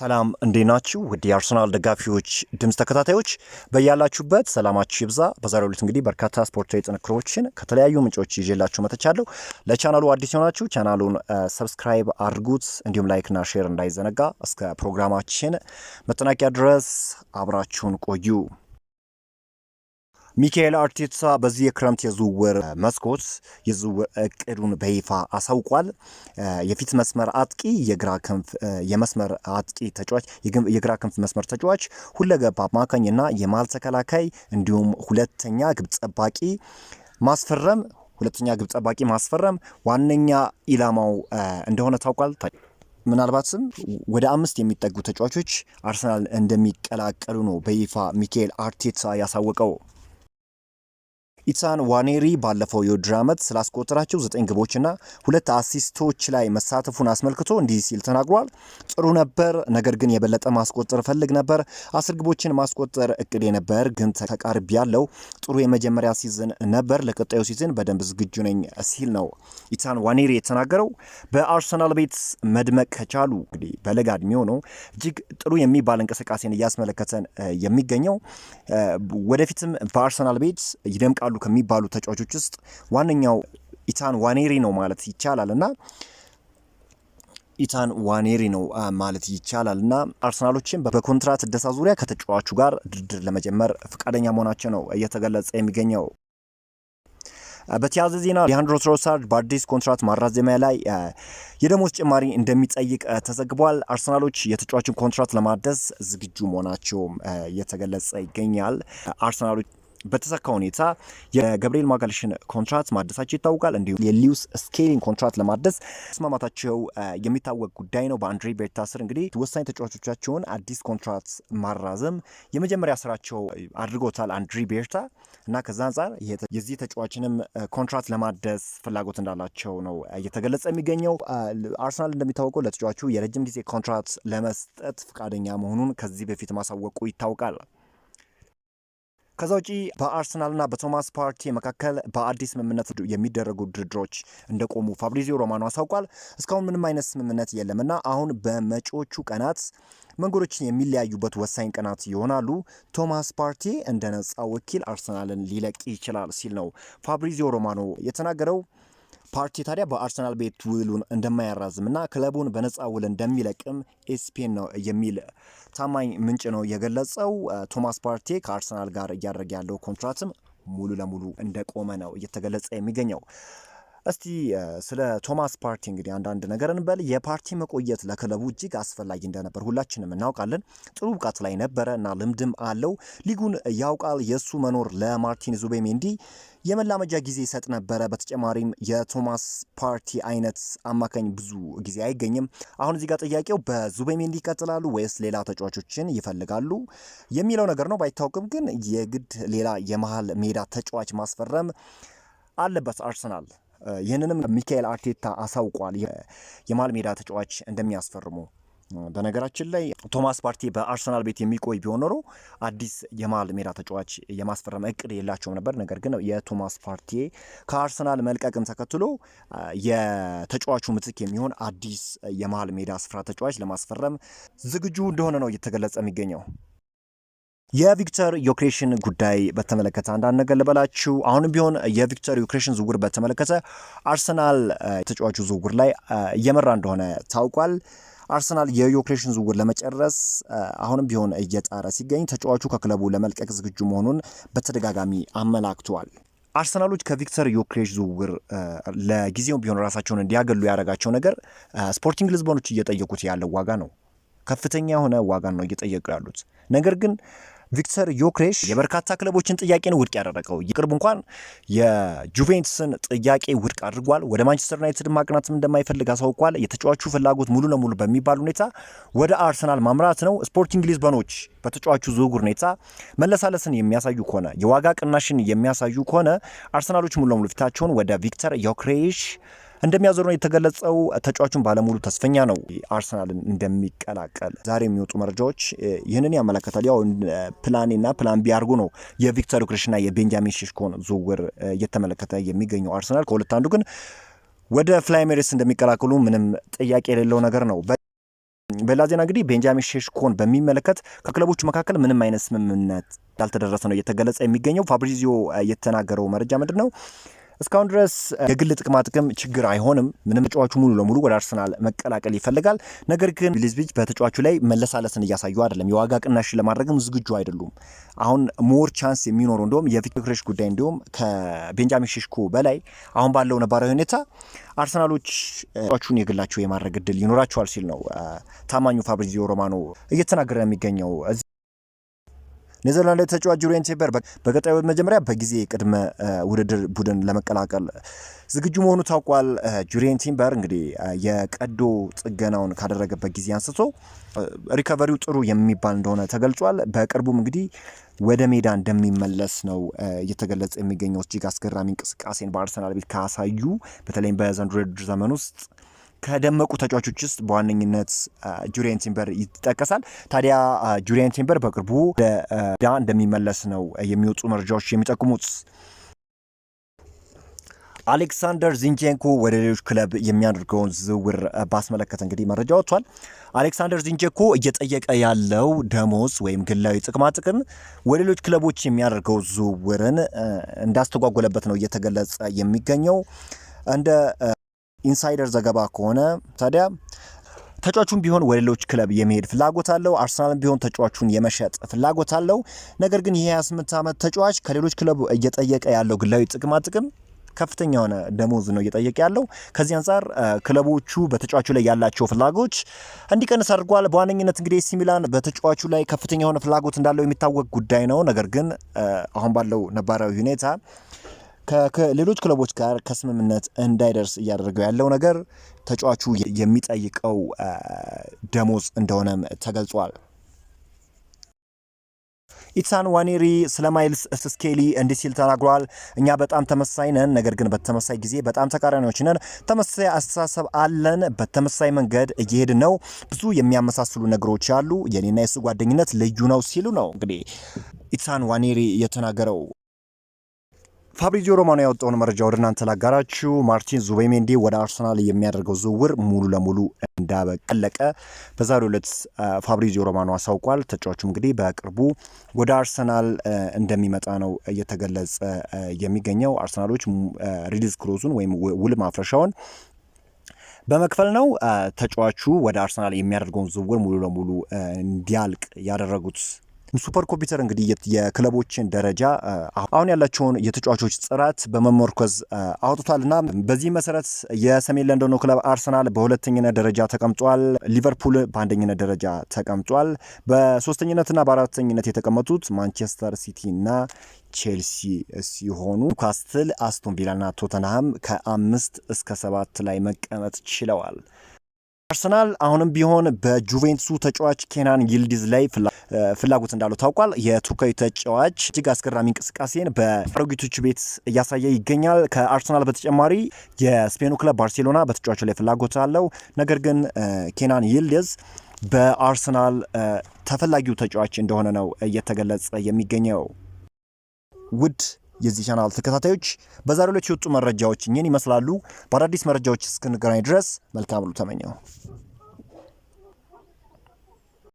ሰላም እንዴት ናችሁ? ውድ የአርሰናል ደጋፊዎች ድምፅ ተከታታዮች በያላችሁበት ሰላማችሁ ይብዛ። በዛሬው ዕለት እንግዲህ በርካታ ስፖርታዊ ጥንክሮችን ከተለያዩ ምንጮች ይዤላችሁ መጥቻለሁ። ለቻናሉ አዲስ የሆናችሁ ቻናሉን ሰብስክራይብ አድርጉት፣ እንዲሁም ላይክና ሼር እንዳይዘነጋ። እስከ ፕሮግራማችን መጠናቂያ ድረስ አብራችሁን ቆዩ። ሚካኤል አርቴታ በዚህ የክረምት የዝውውር መስኮት የዝውውር እቅዱን በይፋ አሳውቋል። የፊት መስመር አጥቂ፣ የግራ ክንፍ የመስመር አጥቂ ተጫዋች፣ የግራ ክንፍ መስመር ተጫዋች፣ ሁለገብ አማካኝ እና የመሃል ተከላካይ እንዲሁም ሁለተኛ ግብ ጠባቂ ማስፈረም ሁለተኛ ግብ ጠባቂ ማስፈረም ዋነኛ ኢላማው እንደሆነ ታውቋል። ምናልባትም ወደ አምስት የሚጠጉ ተጫዋቾች አርሰናል እንደሚቀላቀሉ ነው በይፋ ሚካኤል አርቴታ ያሳወቀው። ኢታን ዋኔሪ ባለፈው የውድድር ዓመት ስላስቆጠራቸው ዘጠኝ ግቦችና ሁለት አሲስቶች ላይ መሳተፉን አስመልክቶ እንዲህ ሲል ተናግሯል። ጥሩ ነበር፣ ነገር ግን የበለጠ ማስቆጠር ፈልግ ነበር። አስር ግቦችን ማስቆጠር እቅዴ ነበር፣ ግን ተቃርቢ ያለው ጥሩ የመጀመሪያ ሲዝን ነበር። ለቀጣዩ ሲዝን በደንብ ዝግጁ ነኝ ሲል ነው ኢታን ዋኔሪ የተናገረው። በአርሰናል ቤት መድመቅ ከቻሉ እንግዲህ በለጋ እድሜ ሆነው እጅግ ጥሩ የሚባል እንቅስቃሴን እያስመለከተን የሚገኘው ወደፊትም በአርሰናል ቤት ይደምቃሉ ይችላሉ ከሚባሉ ተጫዋቾች ውስጥ ዋነኛው ኢታን ዋኔሪ ነው ማለት ይቻላል እና ኢታን ዋኔሪ ነው ማለት ይቻላል እና አርሰናሎችን በኮንትራት እደሳ ዙሪያ ከተጫዋቹ ጋር ድርድር ለመጀመር ፈቃደኛ መሆናቸው ነው እየተገለጸ የሚገኘው። በተያያዘ ዜና ሊያንድሮ ትሮሳርድ በአዲስ ኮንትራት ማራዘሚያ ላይ የደሞዝ ጭማሪ እንደሚጠይቅ ተዘግቧል። አርሰናሎች የተጫዋችን ኮንትራት ለማደስ ዝግጁ መሆናቸውም እየተገለጸ ይገኛል። አርሰናሎች በተሳካ ሁኔታ የገብርኤል ማጋልሽን ኮንትራት ማደሳቸው ይታወቃል። እንዲሁም የሊዩስ ስኬሊን ኮንትራት ለማደስ መስማማታቸው የሚታወቅ ጉዳይ ነው። በአንድሪ ቤርታ ስር እንግዲህ ወሳኝ ተጫዋቾቻቸውን አዲስ ኮንትራት ማራዘም የመጀመሪያ ስራቸው አድርጎታል አንድሪ ቤርታ እና ከዛ አንጻር የዚህ ተጫዋችንም ኮንትራት ለማደስ ፍላጎት እንዳላቸው ነው እየተገለጸ የሚገኘው። አርሰናል እንደሚታወቀው ለተጫዋቹ የረጅም ጊዜ ኮንትራት ለመስጠት ፈቃደኛ መሆኑን ከዚህ በፊት ማሳወቁ ይታወቃል። ከዛ ውጪ በአርሰናልና በቶማስ ፓርቲ መካከል በአዲስ ስምምነት የሚደረጉ ድርድሮች እንደቆሙ ፋብሪዚዮ ሮማኖ አሳውቋል። እስካሁን ምንም አይነት ስምምነት የለምና አሁን በመጪዎቹ ቀናት መንገዶችን የሚለያዩበት ወሳኝ ቀናት ይሆናሉ። ቶማስ ፓርቲ እንደ ነጻ ወኪል አርሰናልን ሊለቅ ይችላል ሲል ነው ፋብሪዚዮ ሮማኖ የተናገረው። ፓርቲ ታዲያ በአርሰናል ቤት ውሉን እንደማያራዝምና ክለቡን በነፃ ውል እንደሚለቅም ኤስፔን ነው የሚል ታማኝ ምንጭ ነው የገለጸው። ቶማስ ፓርቴ ከአርሰናል ጋር እያደረገ ያለው ኮንትራትም ሙሉ ለሙሉ እንደቆመ ነው እየተገለጸ የሚገኘው። እስቲ ስለ ቶማስ ፓርቲ እንግዲህ አንዳንድ ነገር እንበል። የፓርቲ መቆየት ለክለቡ እጅግ አስፈላጊ እንደነበር ሁላችንም እናውቃለን። ጥሩ ብቃት ላይ ነበረ እና ልምድም አለው። ሊጉን ያውቃል። የእሱ መኖር ለማርቲን ዙቤሜንዲ የመላመጃ ጊዜ ይሰጥ ነበረ። በተጨማሪም የቶማስ ፓርቲ አይነት አማካኝ ብዙ ጊዜ አይገኝም። አሁን እዚህ ጋር ጥያቄው በዙቤሜንዲ ይቀጥላሉ ወይስ ሌላ ተጫዋቾችን ይፈልጋሉ የሚለው ነገር ነው። ባይታወቅም ግን የግድ ሌላ የመሀል ሜዳ ተጫዋች ማስፈረም አለበት አርሰናል። ይህንንም ሚካኤል አርቴታ አሳውቋል የመሃል ሜዳ ተጫዋች እንደሚያስፈርሙ። በነገራችን ላይ ቶማስ ፓርቲ በአርሰናል ቤት የሚቆይ ቢሆን ኖሮ አዲስ የማል ሜዳ ተጫዋች የማስፈረም እቅድ የላቸውም ነበር። ነገር ግን የቶማስ ፓርቲ ከአርሰናል መልቀቅን ተከትሎ የተጫዋቹ ምትክ የሚሆን አዲስ የማል ሜዳ ስፍራ ተጫዋች ለማስፈረም ዝግጁ እንደሆነ ነው እየተገለጸ የሚገኘው። የቪክተር ዮክሬሽን ጉዳይ በተመለከተ አንዳንድ ነገር ልበላችሁ። አሁንም ቢሆን የቪክተር ዮክሬሽን ዝውውር በተመለከተ አርሰናል ተጫዋቹ ዝውውር ላይ እየመራ እንደሆነ ታውቋል። አርሰናል የዮክሬሽን ዝውውር ለመጨረስ አሁንም ቢሆን እየጣረ ሲገኝ ተጫዋቹ ከክለቡ ለመልቀቅ ዝግጁ መሆኑን በተደጋጋሚ አመላክተዋል። አርሰናሎች ከቪክተር ዮክሬሽ ዝውውር ለጊዜውም ቢሆን ራሳቸውን እንዲያገሉ ያደረጋቸው ነገር ስፖርቲንግ ሊዝበኖች እየጠየቁት ያለው ዋጋ ነው። ከፍተኛ የሆነ ዋጋ ነው እየጠየቁ ያሉት ነገር ግን ቪክተር ዮክሬሽ የበርካታ ክለቦችን ጥያቄን ውድቅ ያደረገው ይቅርብ እንኳን የጁቬንትስን ጥያቄ ውድቅ አድርጓል። ወደ ማንቸስተር ዩናይትድ ማቅናትም እንደማይፈልግ አሳውቋል። የተጫዋቹ ፍላጎት ሙሉ ለሙሉ በሚባል ሁኔታ ወደ አርሰናል ማምራት ነው። ስፖርቲንግ ሊዝበኖች በተጫዋቹ ዝውውር ሁኔታ መለሳለስን የሚያሳዩ ከሆነ የዋጋ ቅናሽን የሚያሳዩ ከሆነ አርሰናሎች ሙሉ ለሙሉ ፊታቸውን ወደ ቪክተር ዮክሬሽ እንደሚያዞር ነው የተገለጸው። ተጫዋቹን ባለሙሉ ተስፈኛ ነው አርሰናልን እንደሚቀላቀል ዛሬ የሚወጡ መረጃዎች ይህንን ያመለከታል። ያው ፕላኔና ፕላን ቢ ነው የቪክተር ዮክሬሽና የቤንጃሚን ሼሽኮን ዝውውር እየተመለከተ የሚገኘው አርሰናል ከሁለት አንዱ ግን ወደ ፍላይሜሪስ እንደሚቀላቀሉ ምንም ጥያቄ የሌለው ነገር ነው። በሌላ ዜና እንግዲህ ቤንጃሚን ሼሽኮን በሚመለከት ከክለቦቹ መካከል ምንም አይነት ስምምነት እንዳልተደረሰ ነው እየተገለጸ የሚገኘው። ፋብሪዚዮ የተናገረው መረጃ ምንድን ነው? እስካሁን ድረስ የግል ጥቅማ ጥቅም ችግር አይሆንም። ምንም ተጫዋቹ ሙሉ ለሙሉ ወደ አርሰናል መቀላቀል ይፈልጋል። ነገር ግን ሊዝቢጅ በተጫዋቹ ላይ መለሳለስን እያሳዩ አይደለም። የዋጋ ቅናሽ ለማድረግም ዝግጁ አይደሉም። አሁን ሞር ቻንስ የሚኖሩ እንዲሁም የቪክሬሽ ጉዳይ እንዲሁም ከቤንጃሚን ሼሽኮ በላይ አሁን ባለው ነባራዊ ሁኔታ አርሰናሎች ተጫዋቹን የግላቸው የማድረግ እድል ይኖራቸዋል ሲል ነው ታማኙ ፋብሪዚዮ ሮማኖ እየተናገረ የሚገኘው። ኔዘርላንድ ላይ ተጫዋች ጁሪየን ቲምበር በቀጣዩ መጀመሪያ በጊዜ ቅድመ ውድድር ቡድን ለመቀላቀል ዝግጁ መሆኑ ታውቋል። ጁሪየን ቲምበር እንግዲህ የቀዶ ጥገናውን ካደረገበት ጊዜ አንስቶ ሪከቨሪው ጥሩ የሚባል እንደሆነ ተገልጿል። በቅርቡም እንግዲህ ወደ ሜዳ እንደሚመለስ ነው እየተገለጸ የሚገኘው። እጅግ አስገራሚ እንቅስቃሴን በአርሰናል ቤት ካሳዩ በተለይም በዘንድሮ ውድድር ዘመን ውስጥ ከደመቁ ተጫዋቾች ውስጥ በዋነኝነት ጁሪየን ቲምበር ይጠቀሳል። ታዲያ ጁሪየን ቲምበር በቅርቡ ዳ እንደሚመለስ ነው የሚወጡ መረጃዎች የሚጠቁሙት። አሌክሳንደር ዚንቼንኮ ወደ ሌሎች ክለብ የሚያደርገውን ዝውውር ባስመለከተ እንግዲህ መረጃ ወጥቷል። አሌክሳንደር ዚንቼንኮ እየጠየቀ ያለው ደሞዝ ወይም ግላዊ ጥቅማ ጥቅም ወደ ሌሎች ክለቦች የሚያደርገው ዝውውርን እንዳስተጓጎለበት ነው እየተገለጸ የሚገኘው እንደ ኢንሳይደር ዘገባ ከሆነ ታዲያ ተጫዋቹም ቢሆን ወደ ሌሎች ክለብ የመሄድ ፍላጎት አለው። አርሰናልም ቢሆን ተጫዋቹን የመሸጥ ፍላጎት አለው። ነገር ግን ይህ 28 ዓመት ተጫዋች ከሌሎች ክለብ እየጠየቀ ያለው ግላዊ ጥቅማ ጥቅም ከፍተኛ የሆነ ደሞዝ ነው እየጠየቀ ያለው። ከዚህ አንጻር ክለቦቹ በተጫዋቹ ላይ ያላቸው ፍላጎች እንዲቀንስ አድርጓል። በዋነኝነት እንግዲህ ኤሲ ሚላን በተጫዋቹ ላይ ከፍተኛ የሆነ ፍላጎት እንዳለው የሚታወቅ ጉዳይ ነው። ነገር ግን አሁን ባለው ነባራዊ ሁኔታ ከሌሎች ክለቦች ጋር ከስምምነት እንዳይደርስ እያደረገው ያለው ነገር ተጫዋቹ የሚጠይቀው ደሞዝ እንደሆነም ተገልጿል። ኢትሳን ዋኔሪ ስለ ማይልስ ስኬሊ እንዲህ ሲል ተናግሯል። እኛ በጣም ተመሳይ ነን፣ ነገር ግን በተመሳይ ጊዜ በጣም ተቃራኒዎች ነን። ተመሳይ አስተሳሰብ አለን፣ በተመሳይ መንገድ እየሄድን ነው። ብዙ የሚያመሳስሉ ነገሮች አሉ። የኔና የሱ ጓደኝነት ልዩ ነው ሲሉ ነው እንግዲህ ኢትሳን ዋኔሪ የተናገረው። ፋብሪዚዮ ሮማኖ ያወጣውን መረጃ ወደ እናንተ ላጋራችሁ። ማርቲን ዙቤሜንዲ ወደ አርሰናል የሚያደርገው ዝውውር ሙሉ ለሙሉ እንዳበቀለቀ በዛሬው ዕለት ፋብሪዚዮ ሮማኖ አሳውቋል። ተጫዋቹ እንግዲህ በቅርቡ ወደ አርሰናል እንደሚመጣ ነው እየተገለጸ የሚገኘው። አርሰናሎች ሪሊዝ ክሎዙን ወይም ውል ማፍረሻውን በመክፈል ነው ተጫዋቹ ወደ አርሰናል የሚያደርገውን ዝውውር ሙሉ ለሙሉ እንዲያልቅ ያደረጉት ሱፐር ኮምፒውተር እንግዲህ የክለቦችን ደረጃ አሁን ያላቸውን የተጫዋቾች ጥራት በመመርኮዝ አውጥቷልና በዚህ መሰረት የሰሜን ለንደኑ ክለብ አርሰናል በሁለተኝነት ደረጃ ተቀምጧል። ሊቨርፑል በአንደኝነት ደረጃ ተቀምጧል። በሶስተኝነትና በአራተኝነት የተቀመጡት ማንቸስተር ሲቲና ቼልሲ ሲሆኑ ኒውካስትል፣ አስቶን ቪላና ቶተንሃም ከአምስት እስከ ሰባት ላይ መቀመጥ ችለዋል። አርሰናል አሁንም ቢሆን በጁቬንቱሱ ተጫዋች ኬናን ይልዲዝ ላይ ፍላ ፍላጎት እንዳለው ታውቋል። የቱርካዊ ተጫዋች እጅግ አስገራሚ እንቅስቃሴን በአሮጊቶቹ ቤት እያሳየ ይገኛል። ከአርሰናል በተጨማሪ የስፔኑ ክለብ ባርሴሎና በተጫዋቹ ላይ ፍላጎት አለው። ነገር ግን ኬናን ይልደዝ በአርሰናል ተፈላጊው ተጫዋች እንደሆነ ነው እየተገለጸ የሚገኘው። ውድ የዚህ ቻናል ተከታታዮች በዛሬ ዕለት የወጡ መረጃዎች እኚህን ይመስላሉ። በአዳዲስ መረጃዎች እስክንገናኝ ድረስ መልካም ሁሉ ተመኘው።